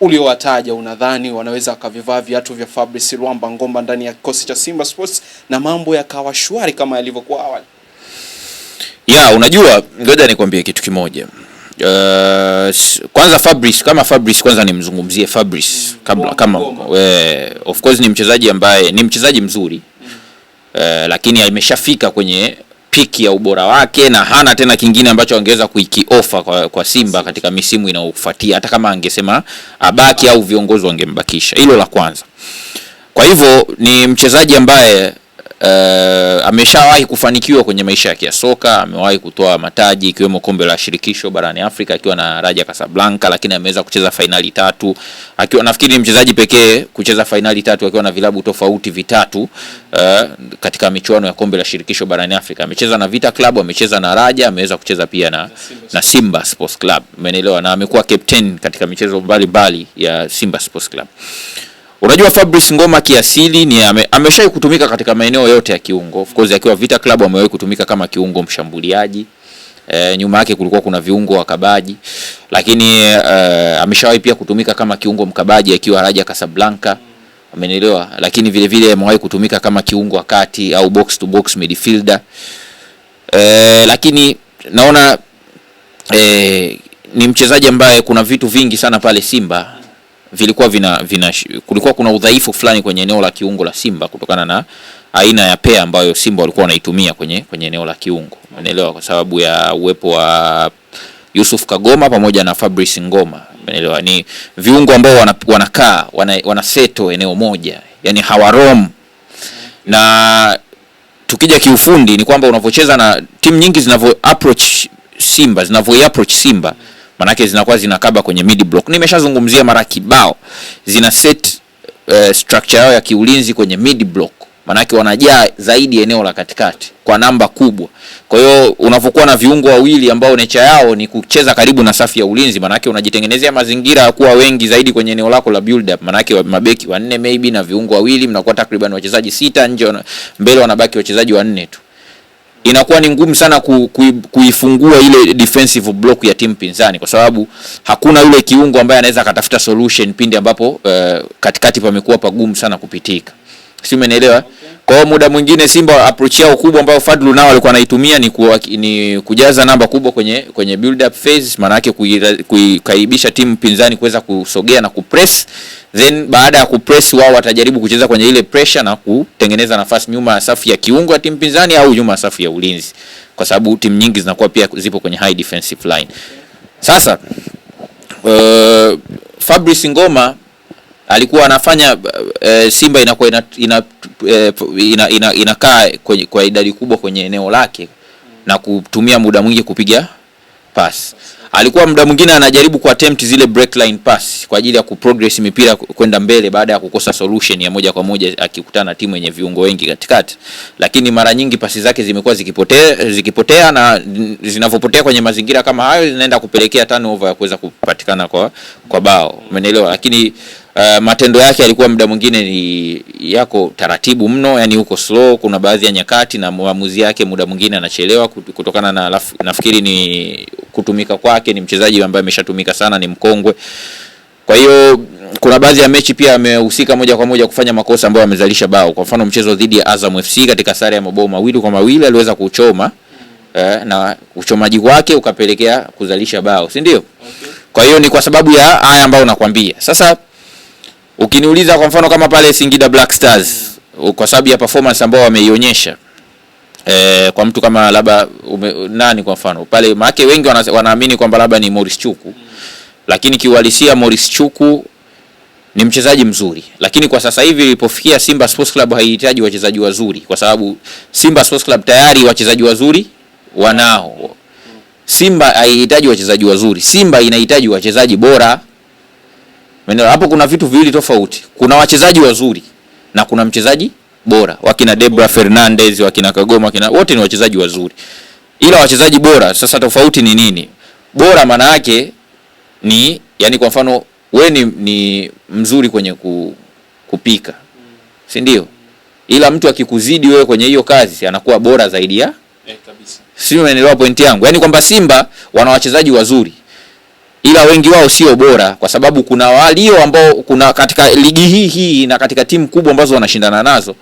uliowataja unadhani wanaweza wakavivaa viatu vya Fabrice Rwamba Ngomba ndani ya kikosi cha Simba Sports na mambo yakawa shwari kama yalivyokuwa awali? Ya, unajua ngoja nikwambie kitu kimoja. Uh, kwanza Fabrice kama Fabrice kwanza nimzungumzie Fabrice mm, kabla kama we, of course ni mchezaji ambaye ni mchezaji mzuri mm. Uh, lakini ameshafika kwenye piki ya ubora wake na hana tena kingine ambacho angeweza kuikiofa kwa, kwa Simba katika misimu inayofuatia, hata kama angesema abaki au viongozi wangembakisha. Hilo la kwanza. Kwa hivyo ni mchezaji ambaye Uh, ameshawahi kufanikiwa kwenye maisha yake ya soka, amewahi kutoa mataji ikiwemo kombe la shirikisho barani Afrika akiwa na Raja Casablanca, lakini ameweza kucheza fainali tatu akiwa, nafikiri ni mchezaji pekee kucheza fainali tatu akiwa na vilabu tofauti vitatu uh, katika michuano ya kombe la shirikisho barani Afrika. Amecheza na Vita Club, amecheza na Raja, ameweza kucheza pia na, na Simba Sports Club, umeelewa, na amekuwa captain katika michezo mbalimbali ya Simba Sports Club. Unajua Fabrice Ngoma kiasili ni ame, ameshawahi kutumika katika maeneo yote ya kiungo. Of course akiwa Vita Club amewahi kutumika kama kiungo mshambuliaji. E, nyuma yake kulikuwa kuna viungo wakabaji. Lakini e, ameshawahi pia kutumika kama kiungo mkabaji akiwa Raja Casablanca. Amenielewa? Lakini vile vile amewahi kutumika kama kiungo kati au box to box midfielder. E, lakini naona e, ni mchezaji ambaye kuna vitu vingi sana pale Simba vilikuwa vina, vina kulikuwa kuna udhaifu fulani kwenye eneo la kiungo la Simba kutokana na aina ya pea ambayo Simba walikuwa wanaitumia kwenye kwenye eneo la kiungo, unaelewa, kwa sababu ya uwepo wa Yusuf Kagoma pamoja na Fabrice Ngoma, unaelewa, ni viungo ambao wanakaa wana, wanaseto eneo moja, yani hawarom na tukija kiufundi ni kwamba unavyocheza na timu nyingi zinavyo approach Simba zinavyo approach Simba mm manake zinakuwa zinakaba kwenye mid block. Nimeshazungumzia mara kibao, zina set uh, structure yao ya kiulinzi kwenye mid block, manake wanajaa zaidi eneo la katikati kwa namba kubwa. Kwa hiyo unapokuwa na viungo wawili ambao necha yao ni kucheza karibu na safu ya ulinzi, manake unajitengenezea mazingira ya kuwa wengi zaidi kwenye eneo lako la build up, manake mabeki wanne maybe na viungo wawili, mnakuwa takriban wachezaji sita nje, mbele wanabaki wachezaji wanne tu inakuwa ni ngumu sana ku, ku, kuifungua ile defensive block ya timu pinzani, kwa sababu hakuna yule kiungo ambaye anaweza akatafuta solution pindi ambapo uh, katikati pamekuwa pagumu sana kupitika, si umenielewa? Kwa hiyo muda mwingine Simba approach yao kubwa ambayo Fadlu nao alikuwa anaitumia ni, ku, ni kujaza namba kubwa kwenye kwenye build up phase, maana yake kuikaibisha timu pinzani kuweza kusogea na kupress, then baada ya kupress wao watajaribu kucheza kwenye ile pressure na kutengeneza nafasi nyuma ya safu ya kiungo ya timu pinzani au nyuma ya safu ya ulinzi, kwa sababu timu nyingi zinakuwa pia zipo kwenye high defensive line. Sasa uh, Fabrice Ngoma alikuwa anafanya e, Simba inakuwa ina, ina, eh, ina, ina, inakaa kwenye, kwa idadi kubwa kwenye eneo lake na kutumia muda mwingi kupiga pasi alikuwa muda mwingine anajaribu ku attempt zile break line pass kwa ajili ya kuprogress mipira kwenda mbele baada ya kukosa solution ya moja kwa moja akikutana timu yenye viungo wengi katikati, lakini mara nyingi pasi zake zimekuwa zikipotea, zikipotea na zinavyopotea kwenye mazingira kama hayo zinaenda kupelekea turnover ya kuweza kupatikana kwa, kwa bao. Umeelewa? Lakini uh, matendo yake alikuwa muda mwingine ni yako taratibu mno, yani huko slow kuna baadhi ya nyakati, na maamuzi yake muda mwingine anachelewa kutokana na nafikiri ni kutumika kwa yake, ni mchezaji ambaye ameshatumika sana, ni mkongwe. Kwa hiyo kuna baadhi ya mechi pia amehusika moja kwa moja kufanya makosa ambayo amezalisha bao. Kwa mfano mchezo dhidi ya Azam FC katika sare ya mabao mawili kwa mawili aliweza kuchoma eh, na uchomaji wake ukapelekea kuzalisha bao, si ndio? Okay. Kwa hiyo ni kwa sababu ya haya ambayo nakwambia. Sasa ukiniuliza kwa mfano kama pale Singida Black Stars mm, kwa sababu ya performance ambayo wameionyesha eh, kwa mtu kama labda nani kwa mfano pale, maana wengi wanaamini kwamba labda ni Morris Chuku, lakini kiuhalisia Morris Chuku ni mchezaji mzuri, lakini kwa sasa hivi ilipofikia Simba Sports Club haihitaji wachezaji wazuri, kwa sababu Simba Sports Club tayari wachezaji wazuri wanao. Simba haihitaji wachezaji wazuri, Simba inahitaji wachezaji bora. Hapo kuna vitu viwili tofauti, kuna wachezaji wazuri na kuna mchezaji bora, wakina Debra Fernandez, wakina Kagoma, wakina wote ni wachezaji wazuri, ila wachezaji bora. Sasa tofauti ni nini? Bora maana yake ni yani, kwa mfano we ni, ni mzuri kwenye ku, kupika, si ndio? Ila mtu akikuzidi wewe kwenye hiyo kazi anakuwa bora zaidi ya eh, kabisa. pointi yangu? Yani kwamba Simba wana wachezaji wazuri ila wengi wao sio bora, kwa sababu kuna walio ambao kuna katika ligi hii hii na katika timu kubwa ambazo wanashindana nazo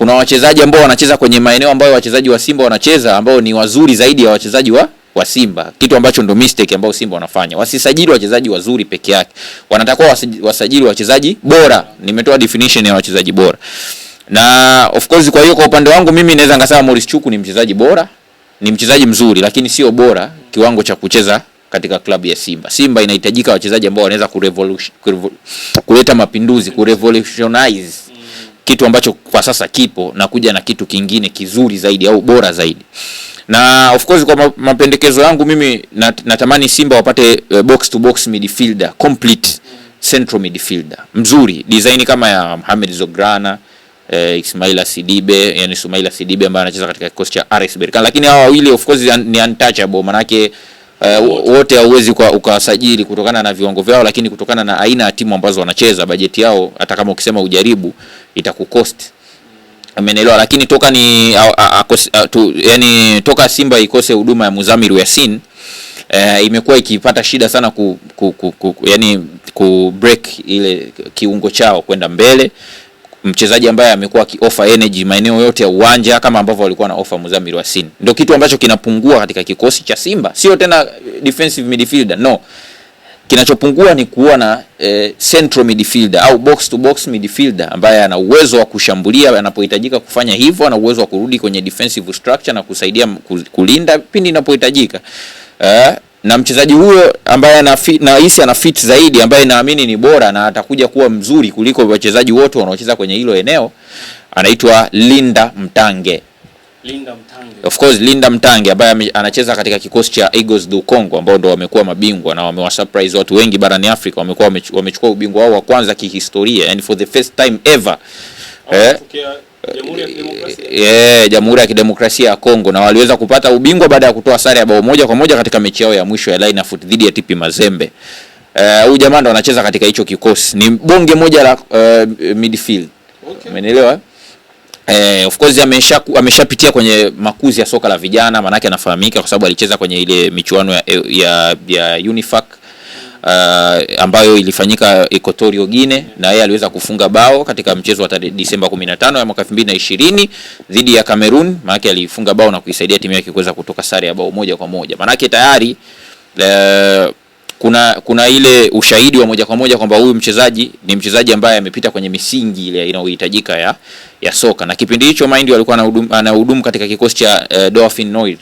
kuna wachezaji ambao wanacheza kwenye maeneo ambayo wachezaji wa Simba wanacheza ambao ni wazuri zaidi ya wachezaji wa wa Simba, kitu ambacho ndo mistake ambayo Simba wanafanya. Wasisajili wachezaji wazuri peke yake, wanatakiwa wasajili wachezaji bora. Nimetoa definition ya wachezaji bora na of course. Kwa hiyo kwa upande wangu mimi naweza ngasema Morris Chuku ni mchezaji bora, ni mchezaji mzuri, lakini sio bora kiwango cha kucheza katika klabu ya Simba. Simba inahitajika wachezaji ambao wanaweza kurevolution, kuleta mapinduzi, kurevolutionize kitu ambacho kwa sasa kipo na kuja na kitu kingine kizuri zaidi au bora zaidi. Na of course kwa mapendekezo yangu mimi natamani Simba wapate uh, box to box midfielder complete central midfielder mzuri, design kama ya Mohamed Zograna eh, Ismaila Sidibe, yani Sumaila Sidibe ambaye anacheza katika kikosi cha RS berkan lakini hawa wawili of course ni untouchable manake uh, wote hauwezi ukawasajili kutokana na viwango vyao, lakini kutokana na aina ya timu ambazo wanacheza bajeti yao, hata kama ukisema ujaribu itakukost amenelewa Lakini toka ni a, a, a, tu, yani toka Simba ikose huduma ya Muzamiru Yasin Uh, imekuwa ikipata shida sana ku, ku, ku, ku, yani ku break ile kiungo chao kwenda mbele mchezaji ambaye amekuwa akiofa energy maeneo yote ya uwanja kama ambavyo walikuwa na ofa Muzamil Wasin. Ndio kitu ambacho kinapungua katika kikosi cha Simba, sio tena eh, defensive midfielder, no. Kinachopungua ni kuwa na eh, central midfielder au box to box midfielder ambaye ana uwezo wa kushambulia anapohitajika kufanya hivyo, ana uwezo wa kurudi kwenye defensive structure na kusaidia kulinda pindi inapohitajika. eh, na mchezaji huyo ambaye nahisi ana fit zaidi, ambaye naamini ni bora na atakuja kuwa mzuri kuliko wachezaji wote wanaocheza kwenye hilo eneo, anaitwa Linda Mtange. Linda Mtange. Of course Linda Mtange ambaye anacheza katika kikosi cha Eagles du Congo ambao ndo wamekuwa mabingwa na wamewa surprise watu wengi barani Afrika, wamekuwa wamechukua ubingwa wao wa kwanza kihistoria, yani for the first time ever. Eh, Jamhuri ya Kidemokrasia ya Kongo na waliweza kupata ubingwa baada ya kutoa sare ya bao moja kwa moja katika mechi yao ya mwisho ya Line Foot dhidi ya TP Mazembe. Eh, huyu uh, jamaa ndo anacheza katika hicho kikosi, ni bonge moja la uh, midfield. Okay. Eh? eh, of course amesha ameshapitia kwenye makuzi ya soka la vijana, maanake anafahamika kwa sababu alicheza kwenye ile michuano ya, ya, ya Unifac uh, ambayo ilifanyika Equatorial Guinea na yeye aliweza kufunga bao katika mchezo wa Disemba 15 ya mwaka 2020 dhidi ya Cameroon. Maanake alifunga bao na kuisaidia timu yake kuweza kutoka sare ya bao moja kwa moja. Maanake tayari uh, kuna kuna ile ushahidi wa moja kwa moja kwamba huyu mchezaji ni mchezaji ambaye amepita kwenye misingi ile inayohitajika ya ya soka, na kipindi hicho mind alikuwa anahudumu katika kikosi cha uh, Dauphin Noir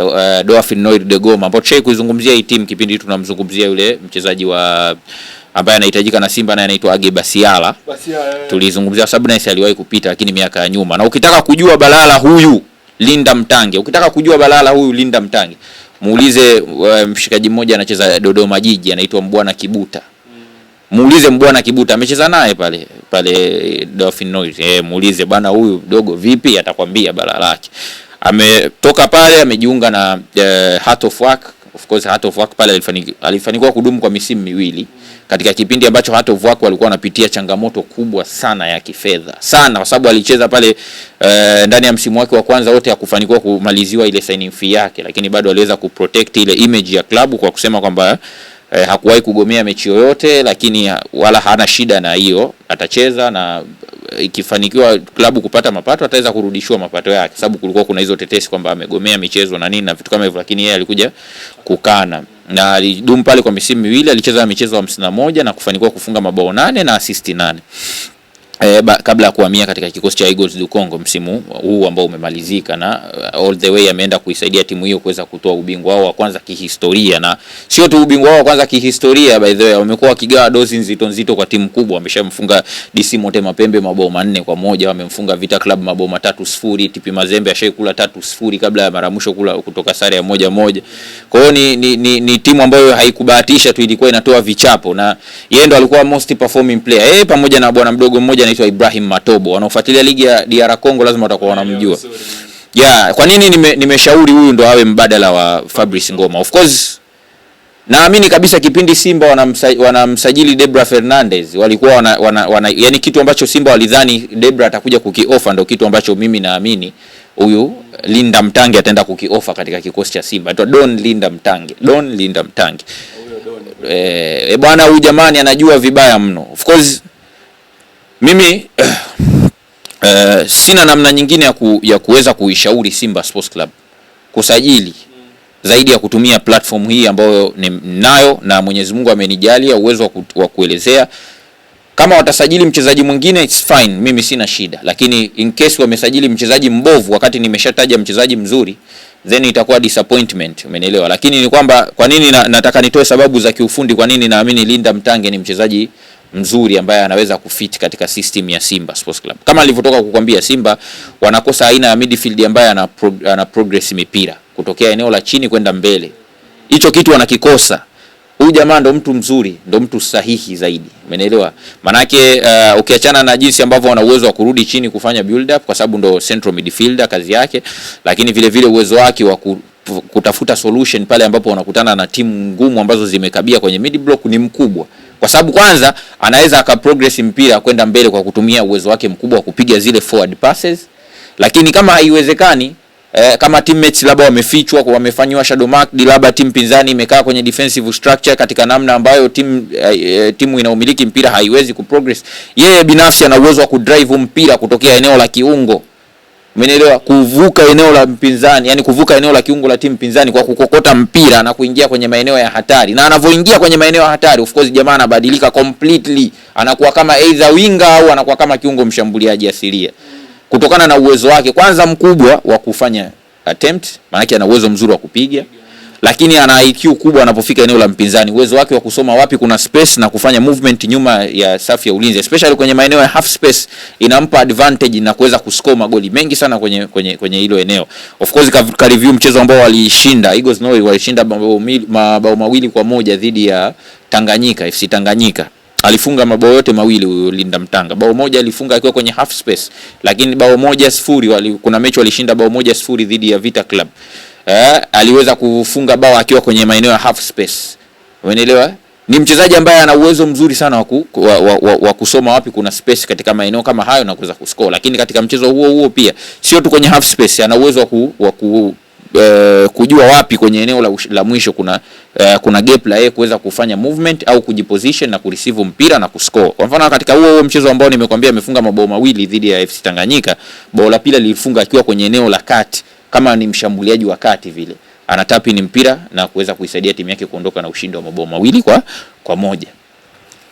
uh, Dofin Noir de Goma ambao tushai kuizungumzia hii timu kipindi tunamzungumzia yule mchezaji wa ambaye anahitajika na Simba naye anaitwa Age Basiala. Basiala tulizungumzia sababu naye aliwahi kupita lakini miaka ya nyuma. Na ukitaka kujua balala huyu Linda Mtange, ukitaka kujua balala huyu Linda Mtange, muulize uh, mshikaji mmoja anacheza Dodoma Jiji anaitwa Mbwana Kibuta. Mm. Muulize Mbwana Kibuta amecheza naye pale pale Dolphin Noise. Eh, muulize bwana huyu dogo vipi, atakwambia balala lake ametoka pale amejiunga na uh, Heart of Work. Of course Heart of Work pale alifanikiwa alifanikiwa kudumu kwa misimu miwili katika kipindi ambacho Heart of Work walikuwa wanapitia changamoto kubwa sana ya kifedha sana, kwa sababu alicheza pale uh, ndani ya msimu wake wa kwanza wote hakufanikiwa kumaliziwa ile signing fee yake, lakini bado aliweza kuprotect ile image ya klabu kwa kusema kwamba uh, hakuwahi kugomea mechi yoyote, lakini wala hana shida na hiyo, atacheza na ikifanikiwa klabu kupata mapato ataweza kurudishiwa mapato yake, sababu kulikuwa kuna hizo tetesi kwamba amegomea michezo na nini na vitu kama hivyo, lakini yeye alikuja kukana na alidumu pale kwa misimu miwili. Alicheza michezo hamsini na moja na kufanikiwa kufunga mabao nane na asisti nane. E, ba, kabla ya kuhamia katika kikosi cha Eagles du Congo msimu huu ambao umemalizika, na uh, all the way ameenda kuisaidia timu hiyo kuweza kutoa ubingwa wao wa kwanza kihistoria, na sio tu ubingwa wao wa kwanza kihistoria, by the way, wamekuwa wakigawa dozi nzito nzito kwa timu kubwa. Wameshamfunga DC Mote Mapembe mabao manne kwa moja, wamemfunga Vita Club mabao matatu sifuri, TP Mazembe ashaikula tatu sifuri kabla ya mara mwisho kula kutoka sare ya moja moja. Kwa hiyo ni, ni, ni, ni timu ambayo haikubahatisha tu, ilikuwa inatoa vichapo, na yeye ndo alikuwa most performing player eh, pamoja na bwana mdogo mmoja mmoja anaitwa Ibrahim Matobo. Wanaofuatilia ligi ya DR Congo lazima watakuwa wanamjua. Yeah, kwa nini nimeshauri nime, huyu ndo awe mbadala wa Fabrice Ngoma? Of course naamini kabisa kipindi Simba wanamsajili, wana Debra Fernandez walikuwa wana, wana, wana, yani kitu ambacho Simba walidhani Debra atakuja kukiofa ndo kitu ambacho mimi naamini huyu Linda Mtange ataenda kukiofa katika kikosi cha Simba. Don Linda Mtange, Don Linda Mtange. Eh, eh, bwana huyu jamani anajua vibaya mno. Of course mimi uh, sina namna nyingine ya, ku, ya kuweza kuishauri Simba Sports Club kusajili zaidi ya kutumia platform hii ambayo ninayo na Mwenyezi Mungu amenijalia uwezo wa kuelezea. Kama watasajili mchezaji mwingine it's fine, mimi sina shida, lakini in case wamesajili mchezaji mbovu wakati nimeshataja mchezaji mzuri, then itakuwa disappointment, umenielewa? Lakini ni kwamba kwa nini na, nataka nitoe sababu za kiufundi kwa nini naamini Linda Mtange ni mchezaji mzuri ambaye anaweza kufit katika system ya Simba Sports Club. Kama nilivyotoka kukwambia, Simba wanakosa aina ya midfield ambaye ana, ana progress mipira kutokea eneo la chini kwenda mbele. Hicho kitu wanakikosa. Huyu jamaa ndo mtu mzuri, ndo mtu sahihi zaidi. Umeelewa? Manake uh, ukiachana na jinsi ambavyo wana uwezo wa kurudi chini kufanya build up kwa sababu ndo central midfielder kazi yake, lakini vile vile uwezo wake wa kutafuta solution pale ambapo wanakutana na timu ngumu ambazo zimekabia kwenye mid block ni mkubwa, kwa sababu kwanza anaweza aka progress mpira kwenda mbele kwa kutumia uwezo wake mkubwa wa kupiga zile forward passes, lakini kama haiwezekani eh, kama teammates labda wamefichwa, wamefanywa shadow mark, labda timu pinzani imekaa kwenye defensive structure katika namna ambayo timu eh, eh, timu inaomiliki mpira haiwezi kuprogress, yeye binafsi ana uwezo wa kudrive mpira kutokea eneo la kiungo menelewa Kuvuka eneo la mpinzani, yani kuvuka eneo la kiungo la timu pinzani kwa kukokota mpira na kuingia kwenye maeneo ya hatari. Na anavyoingia kwenye maeneo ya hatari, of course jamaa anabadilika completely. Anakuwa kama either winga au anakuwa kama kiungo mshambuliaji asilia. Kutokana na uwezo wake kwanza mkubwa wa kufanya attempt, maana yake ana uwezo mzuri wa kupiga lakini ana IQ kubwa anapofika eneo la mpinzani, uwezo wake wa kusoma wapi kuna space na kufanya movement nyuma ya safu ya ulinzi, especially kwenye maeneo ya half space, inampa advantage na kuweza kuscore magoli mengi sana kwenye kwenye kwenye hilo eneo. Of course ka, review mchezo ambao walishinda Eagles Noi walishinda mabao mabao mawili kwa moja dhidi ya Tanganyika FC Tanganyika alifunga mabao yote mawili huyo Linda Mtanga. Bao moja alifunga akiwa kwenye half space, lakini bao moja sifuri, wali, kuna mechi walishinda bao moja sifuri dhidi ya Vita Club eh, aliweza kufunga bao akiwa kwenye maeneo ya half space. Umeelewa? Ni mchezaji ambaye ana uwezo mzuri sana wa, wa, wa, wa kusoma wapi kuna space katika maeneo kama hayo na kuweza kuscore, lakini katika mchezo huo huo pia sio tu kwenye half space, ana uwezo wa ku, wa ku Uh, kujua wapi kwenye eneo la, la mwisho kuna uh, kuna gap la yeye kuweza kufanya movement au kujiposition na kureceive mpira na kuscore. Kwa mfano katika huo huo mchezo ambao nimekuambia amefunga mabao mawili dhidi ya FC Tanganyika, bao la pili lilifunga akiwa kwenye eneo la kati kama ni mshambuliaji wa kati vile, anatapi ni mpira na kuweza kuisaidia timu yake kuondoka na ushindi wa mabao mawili kwa kwa moja.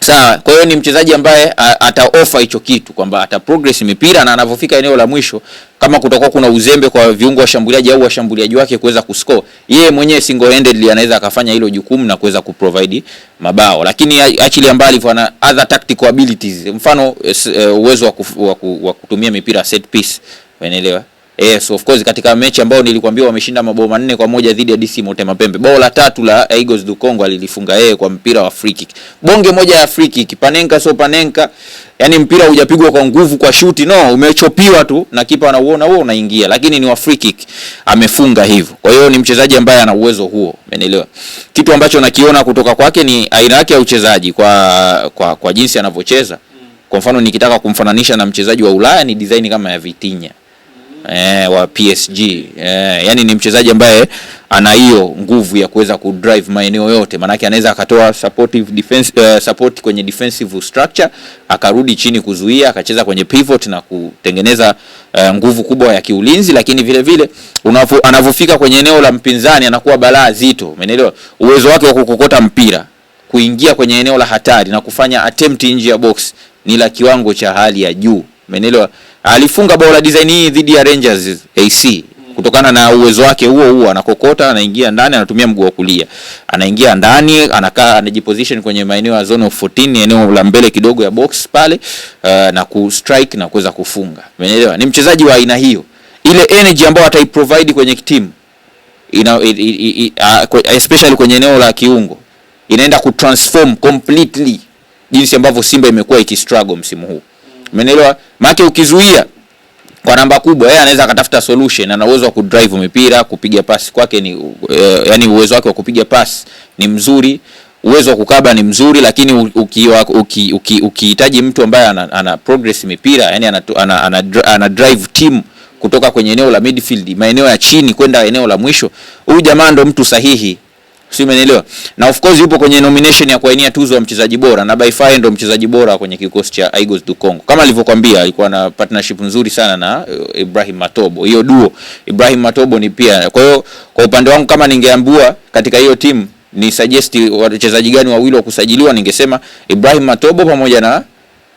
Sawa, kwa hiyo ni mchezaji ambaye ataofa hicho kitu kwamba ata progress mipira na anapofika eneo la mwisho, kama kutakuwa kuna uzembe kwa viungo washambuliaji au washambuliaji wake kuweza kuscore, yeye mwenyewe single handedly anaweza akafanya hilo jukumu na kuweza kuprovide mabao. Lakini actually ambali ana other tactical abilities, mfano eh, eh, uwezo wa kutumia mipira set piece, unaelewa Yes, eh, of course katika mechi ambayo nilikwambia wameshinda mabao manne kwa moja dhidi ya DC Motema Pembe. Bao la tatu la Eagles du Congo alilifunga yeye kwa mpira wa free kick. Bonge moja ya free kick, panenka so panenka. Yaani mpira hujapigwa kwa nguvu kwa shuti no, umechopiwa tu na kipa anauona huo unaingia, lakini ni wa free kick amefunga hivyo. Kwa hiyo ni mchezaji ambaye ana uwezo huo, umeelewa? Kitu ambacho nakiona kutoka kwake ni aina yake ya uchezaji kwa kwa, kwa jinsi anavyocheza. Kwa mfano nikitaka kumfananisha na mchezaji wa Ulaya ni design kama ya Vitinha eh, wa PSG eh, yani ni mchezaji ambaye ana hiyo nguvu ya kuweza kudrive maeneo yote, maanake anaweza akatoa supportive defense, uh, support kwenye defensive structure akarudi chini kuzuia, akacheza kwenye pivot na kutengeneza uh, nguvu kubwa ya kiulinzi, lakini vile vile anavyofika kwenye eneo la mpinzani anakuwa balaa zito, umeelewa? Uwezo wake wa kukokota mpira, kuingia kwenye eneo la hatari na kufanya attempt nje ya box ni la kiwango cha hali ya juu. Umenielewa? Alifunga bao la design hii dhidi ya Rangers AC kutokana na uwezo wake huo huo, anakokota, anaingia ndani, anatumia mguu wa kulia, anaingia ndani, anakaa, anajiposition kwenye maeneo ya zone of 14, eneo la mbele kidogo ya box pale, uh, na kustrike na kuweza kufunga. Umeelewa? Ni mchezaji wa aina hiyo, ile energy ambayo ataiprovide kwenye timu ina it, it, it, uh, especially kwenye eneo la kiungo inaenda kutransform completely jinsi ambavyo Simba imekuwa ikistruggle msimu huu. Umeelewa? Maana ukizuia kwa namba kubwa yeye anaweza akatafuta solution. Ana uwezo wa kudrive mipira, kupiga pasi kwake ni uh, yani uwezo wake wa kupiga pasi ni mzuri, uwezo wa kukaba ni mzuri, lakini ukihitaji uki, uki, uki mtu ambaye ana, ana progress mipira yani ana, ana, ana, ana drive team kutoka kwenye eneo la midfield maeneo ya chini kwenda eneo la mwisho, huyu jamaa ndo mtu sahihi si umeelewa? Na of course yupo kwenye nomination ya kuainia tuzo ya mchezaji bora na by far ndo mchezaji bora kwenye kikosi cha Igos du Congo. Kama alivyokuambia alikuwa na partnership nzuri sana na eh, Ibrahim Matobo. Hiyo duo Ibrahim Matobo ni pia. Kwa hiyo kwa upande wangu kama ningeambua katika hiyo timu ni suggest wachezaji gani wawili wa kusajiliwa, ningesema Ibrahim Matobo pamoja na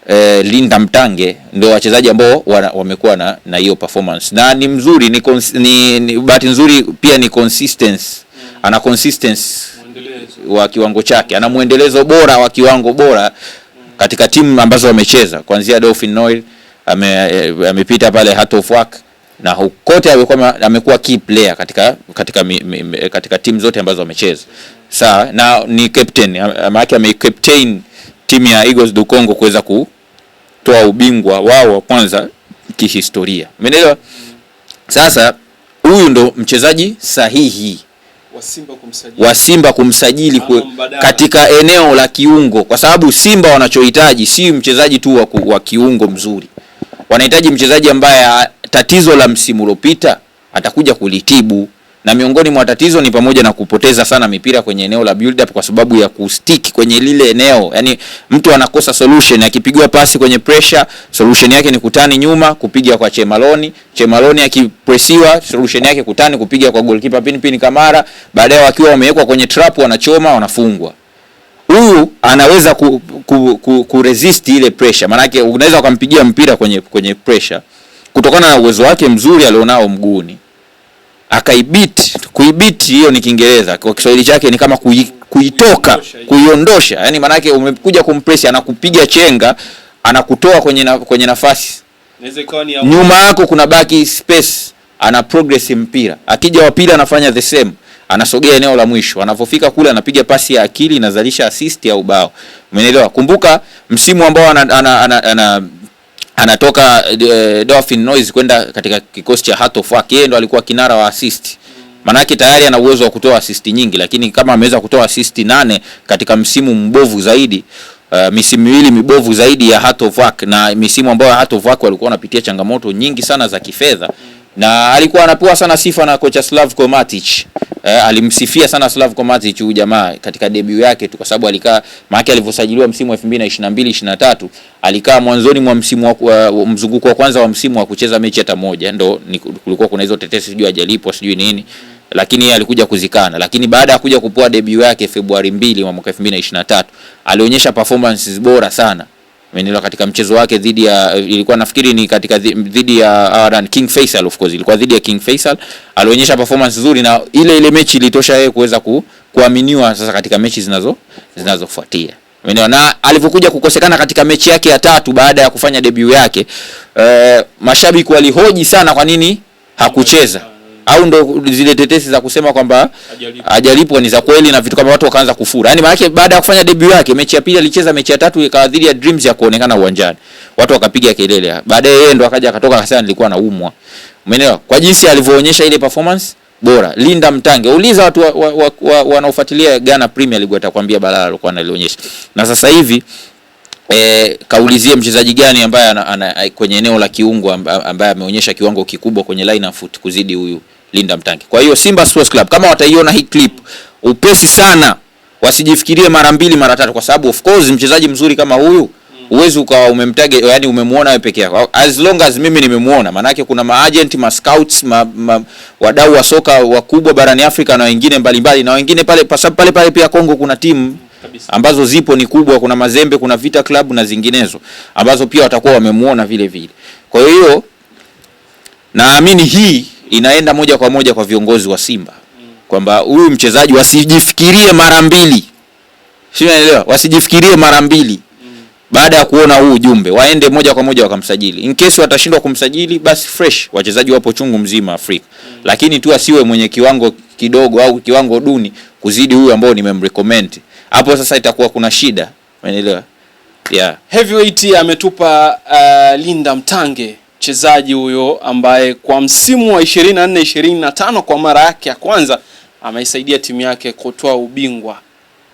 eh, Linda Mtange ndio wachezaji ambao wamekuwa na na hiyo performance na ni mzuri ni, ni, ni bahati nzuri pia ni consistency ana consistency wa kiwango chake, ana mwendelezo bora wa kiwango bora katika timu ambazo wamecheza kuanzia dolphin Noir eh, amepita pale heart of work na hukote amekuwa amekuwa key player katika katika mi, mi, katika timu zote ambazo wamecheza. Sawa, na ni captain, maana yake timu ya Eagles du Congo kuweza kutoa ubingwa wao wa kwanza kihistoria. Umeelewa? Sasa huyu ndo mchezaji sahihi wa Simba kumsajili katika eneo la kiungo, kwa sababu Simba wanachohitaji si mchezaji tu wa, wa kiungo mzuri, wanahitaji mchezaji ambaye tatizo la msimu uliopita atakuja kulitibu na miongoni mwa tatizo ni pamoja na kupoteza sana mipira kwenye eneo la build up kwa sababu ya kustick kwenye lile eneo. Yani mtu anakosa solution, akipigwa pasi kwenye pressure solution yake ni kutani nyuma kupiga kwa Chemaloni, Chemaloni akipressiwa solution yake kutani kupiga kwa goalkeeper pin pin Kamara, baadaye wakiwa wamewekwa kwenye trap wanachoma wanafungwa. Huyu anaweza ku, ku, ku, ku resist ile pressure, Maana yake unaweza ukampigia mpira kwenye kwenye pressure kutokana na uwezo wake mzuri alionao mguuni akaibiti. Kuibiti hiyo ni Kiingereza, kwa Kiswahili chake ni kama kui, kuitoka kuiondosha, yani maanake umekuja kumpress, anakupiga chenga, anakutoa kwenye, na, kwenye nafasi nyuma yako kuna baki space, ana progress mpira. Akija wa pili anafanya the same, anasogea eneo la mwisho, anapofika kule anapiga pasi ya akili, inazalisha assist au bao Umeelewa? Kumbuka msimu ambao ana, ana, ana, ana, ana anatoka uh, eh, Dauphin Noise kwenda katika kikosi cha Heart of Oak. Yeye ndo alikuwa kinara wa assist, maanake tayari ana uwezo wa kutoa assist nyingi, lakini kama ameweza kutoa assist nane katika msimu mbovu zaidi Uh, misimu miwili mibovu zaidi ya Heart of Oak na misimu ambayo Heart of Oak walikuwa wanapitia changamoto nyingi sana za kifedha, na alikuwa anapewa sana sifa na kocha Slavko Matic eh, alimsifia sana Slav Komatic huyu jamaa katika debut yake tu, kwa sababu alikaa maana alivyosajiliwa msimu wa 2022 23 alikaa mwanzoni mwa msimu wa mzunguko wa kwanza wa msimu wa kucheza mechi hata moja, ndo kulikuwa kuna hizo tetesi, sijui hajalipwa sijui nini lakini yeye alikuja kuzikana, lakini baada ya kuja kupoa debut yake Februari 2 mwaka 2023 alionyesha performances bora sana amenielewa, katika mchezo wake dhidi ya ilikuwa nafikiri ni katika dhidi ya uh, King Faisal, of course ilikuwa dhidi ya King Faisal, alionyesha performance nzuri, na ile ile mechi ilitosha yeye kuweza ku, kuaminiwa sasa katika mechi zinazo zinazofuatia na alivyokuja kukosekana katika mechi yake ya tatu baada ya kufanya debut yake, uh, mashabiki walihoji sana kwa nini hakucheza au ndo zile tetesi za kusema kwamba hajalipwa ni za kweli na vitu kama watu wakaanza kufura. yani maana baada ya kufanya debut yake, mechi ya pili alicheza, mechi ya tatu ikawa ya Dreams ya kuonekana uwanjani. Watu wakapiga kelele. Baadaye yeye ndo akaja akatoka akasema nilikuwa naumwa. Umeelewa? Kwa jinsi alivyoonyesha ile performance bora. Linda Mtange, uliza watu wanaofuatilia wa, wa, wa, wa Ghana Premier League atakwambia balaa alikuwa analionyesha. Na sasa hivi E, kaulizie mchezaji gani ambaye ana, ana, kwenye eneo la kiungo ambaye ameonyesha kiwango kikubwa kwenye line of foot kuzidi huyu Linda Mtangi. Kwa hiyo Simba Sports Club kama wataiona hii clip upesi sana, wasijifikirie mara mbili mara tatu, kwa sababu of course mchezaji mzuri kama huyu huwezi ukawa umemtage yani umemuona wewe peke yako. As long as mimi nimemuona, maanake kuna maagent ma scouts ma, ma wadau wa soka wakubwa barani Afrika na wengine mbalimbali na wengine pale pale pale pia Kongo kuna timu ambazo zipo ni kubwa, kuna Mazembe, kuna Vita Club na zinginezo ambazo pia watakuwa wamemuona vile vile. Kwa hiyo naamini hii inaenda moja kwa moja kwa viongozi wa Simba kwamba huyu mchezaji wasijifikirie mara mbili, sio, wasijifikirie mara mbili baada ya kuona huu ujumbe waende moja kwa moja wakamsajili. In case watashindwa kumsajili, basi fresh wachezaji wapo chungu mzima Afrika mm. Lakini tu asiwe mwenye kiwango kidogo au kiwango duni kuzidi huyu ambao nimemrecommend hapo. Sasa itakuwa kuna shida, umeelewa? Yeah, Heavyweight ametupa uh, Linda Mtange mchezaji huyo ambaye kwa msimu wa 24 25 kwa mara yake ya kwanza ameisaidia timu yake kutoa ubingwa.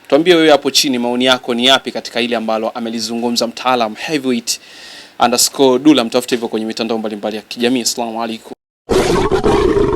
Tuambie wewe hapo chini maoni yako ni yapi katika ile ambalo amelizungumza mtaalamu Heavyweight underscore mtafute hivyo kwenye mitandao mbalimbali ya kijamii. Asalamu alaykum.